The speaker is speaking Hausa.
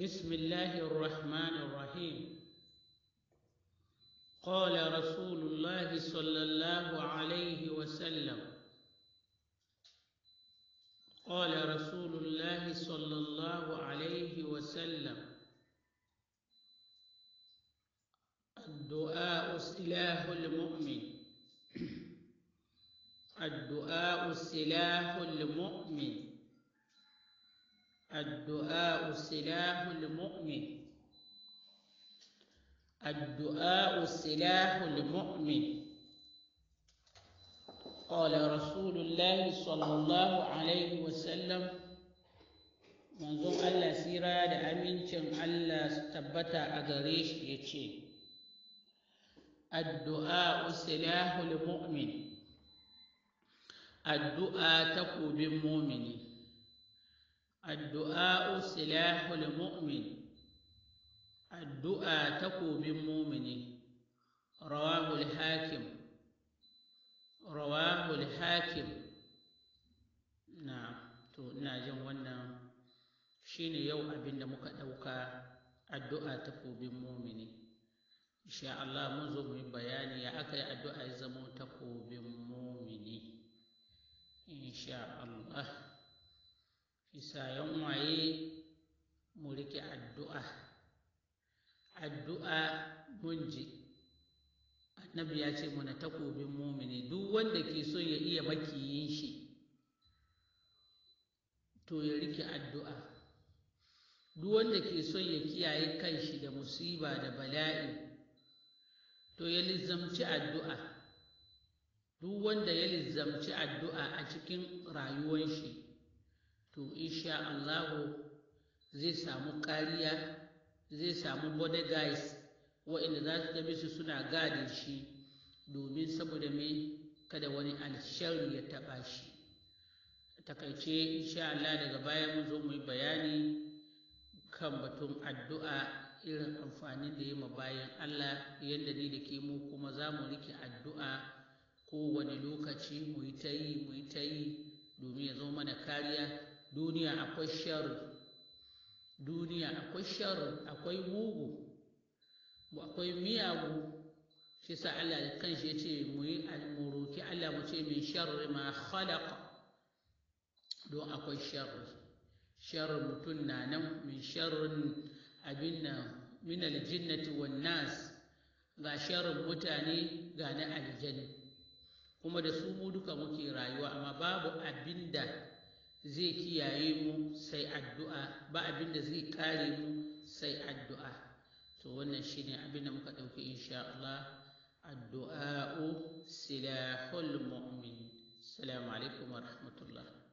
بسم الله الرحمن الرحيم قال رسول الله صلى الله عليه وسلم قال رسول الله صلى الله عليه وسلم الدعاء سلاح المؤمن الدعاء سلاح المؤمن الدعاء سلاح المؤمن الدعاء سلاح المؤمن قال رسول الله صلى الله عليه وسلم منذ الله سيرا لأمين كم الله استبتا أغريش يتشي الدعاء سلاح المؤمن الدعاء تقو بالمؤمنين الدعاء سلاح المؤمن الدعاء تكو بالمؤمن رواه الحاكم رواه الحاكم نعم to ina jin wannan shine yau abin da muka ɗauka addu'a takobin mumini insha Allah mun zo mu yi bayani ya aka yi addu'a ya zama takobin mumini insha Allah bisa waye mu rike addu'a addu'a mun ji annabi ya ce muna takobin mumini duk wanda ke son ya iya makiyin shi to ya rike addu'a duk wanda ke son ya kiyaye kanshi da musiba da bala'i to ya lizamci addu'a duk wanda ya lizamci addu'a a cikin rayuwar shi to insha Allahu zai samu kariya zai samu guys wa'inda za su su suna gadin shi domin saboda me kada wani alshari ya taɓa shi takaice insha Allah daga baya mun zo mu yi bayani kan batun addu'a irin amfanin da ya ma bayan Allah yanda ni da ke mu kuma za mu rike addu'a kowane lokaci mu yi ta yi mu yi ta yi domin ya zo mana kariya duniya akwai sharri duniya akwai sharri akwai mugu akwai miyagu shi sa Allah da kanshi ya ce mu yi almuruki Allah mu ce min sharri ma khalaqa don akwai sharri sharri mutum na nan min sharrin abin nan min aljinnati wan nas ga sharrin mutane ga na aljanna kuma da su mu duka muke rayuwa amma babu abinda zai kiyaye mu sai addu'a ba abin da zai kare mu sai addu'a to wannan shine abin da muka ɗauki insha Allah addu'a'u silahul mu'min assalamu alaikum wa rahmatullah